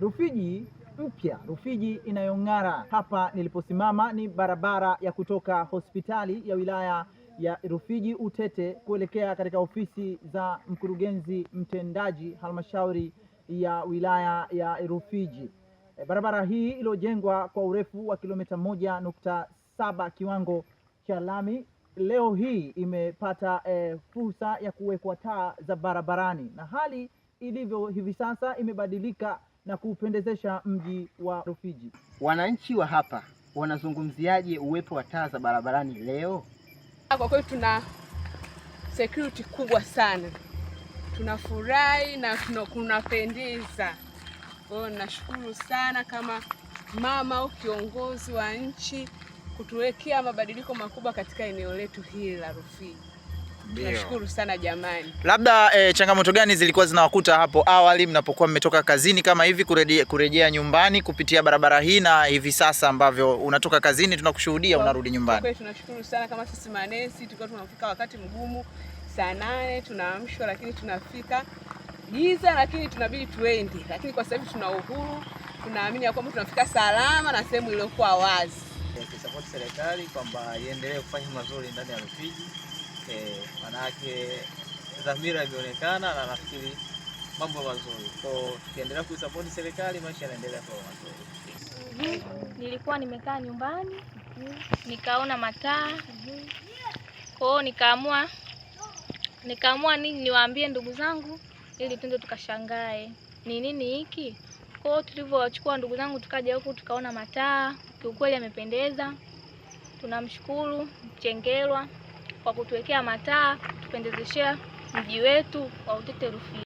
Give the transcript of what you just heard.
Rufiji mpya, Rufiji inayong'ara. Hapa niliposimama ni barabara ya kutoka hospitali ya wilaya ya Rufiji Utete kuelekea katika ofisi za mkurugenzi mtendaji halmashauri ya wilaya ya Rufiji. E, barabara hii iliyojengwa kwa urefu wa kilomita moja nukta saba kiwango cha lami leo hii imepata e, fursa ya kuwekwa taa za barabarani na hali ilivyo hivi sasa imebadilika na kuupendezesha mji wa Rufiji. Wananchi wa hapa wanazungumziaje uwepo wa taa za barabarani leo? Ah, kwa kweli tuna security kubwa sana, tunafurahi na kunapendeza. Kwa hiyo nashukuru sana kama mama au kiongozi wa nchi kutuwekea mabadiliko makubwa katika eneo letu hili la Rufiji. Nashukuru sana jamani. Labda eh, changamoto gani zilikuwa zinawakuta hapo awali mnapokuwa mmetoka kazini kama hivi kurejea, kurejea nyumbani kupitia barabara hii na hivi sasa ambavyo unatoka kazini tunakushuhudia unarudi nyumbani? Kwa tunashukuru sana kama sisi manesi tulikuwa tunafika wakati mgumu, saa nane tunaamshwa, lakini tunafika giza, lakini tunabidi tuende, lakini kwa sasa hivi tuna uhuru, tunaamini ya kwamba tunafika salama na sehemu iliyokuwa wazi. Serikali kwamba iendelee kufanya mazuri ndani ya Rufiji eh, manake dhamira imeonekana na nafikiri mambo mazuri. Kwa tukiendelea kuisapoti serikali, maisha yanaendelea kwa mazuri. Mhm. Nilikuwa nimekaa nyumbani nikaona mataa mm kwa hiyo nikaamua nikaamua nini niwaambie ndugu zangu ili twende tukashangae ni nini hiki. Kwa hiyo tulivyowachukua ndugu zangu tukaja huku tukaona mataa, kiukweli yamependeza. Tunamshukuru Mchengerwa kwa kutuwekea mataa, tupendezeshea mji wetu wa Utete Rufiji.